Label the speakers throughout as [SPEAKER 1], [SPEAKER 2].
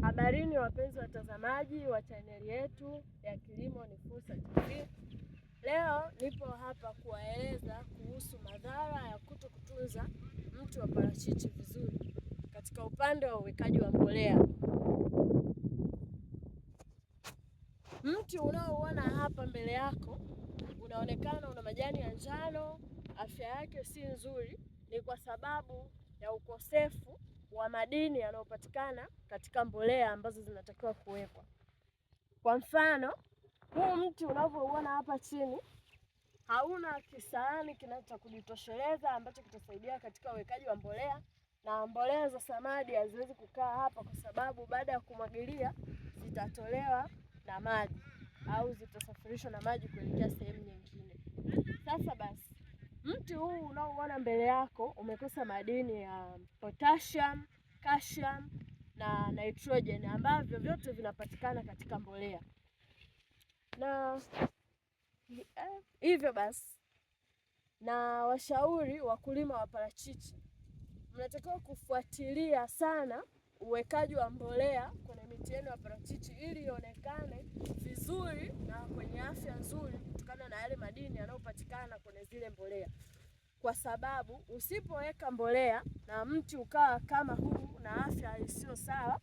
[SPEAKER 1] Habarini wapenzi watazamaji wa chaneli yetu ya Kilimo ni Fursa TV. Leo nipo hapa kuwaeleza kuhusu madhara ya kuto kutunza mti wa parachichi vizuri katika upande wa uwekaji wa mbolea. Mti unaouona hapa mbele yako unaonekana una majani ya njano, afya yake si nzuri, ni kwa sababu ya ukosefu wa madini yanayopatikana katika mbolea ambazo zinatakiwa kuwekwa. Kwa mfano, huu mti unavyouona hapa chini hauna kisahani kinacho kujitosheleza ambacho kitasaidia katika uwekaji wa mbolea, na mbolea za samadi haziwezi kukaa hapa kwa sababu baada ya kumwagilia zitatolewa na maji au zitasafirishwa na maji kuelekea sehemu nyingine. Sasa basi, mti huu unaoona mbele yako umekosa madini ya potassium, calcium na nitrogen ambavyo vyote vinapatikana katika mbolea na hivyo basi, na washauri wakulima wa parachichi, mnatakiwa kufuatilia sana uwekaji wa mbolea kwenye miti yenu ya parachichi ili ionekane vizuri na kwenye afya nzuri, kutokana na yale madini yanayopatikana kwenye zile mbolea, kwa sababu usipoweka mbolea na mti ukawa kama huu na afya isiyo sawa,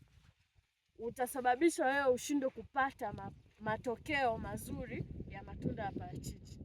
[SPEAKER 1] utasababisha wewe ushindwe kupata matokeo mazuri ya matunda ya parachichi.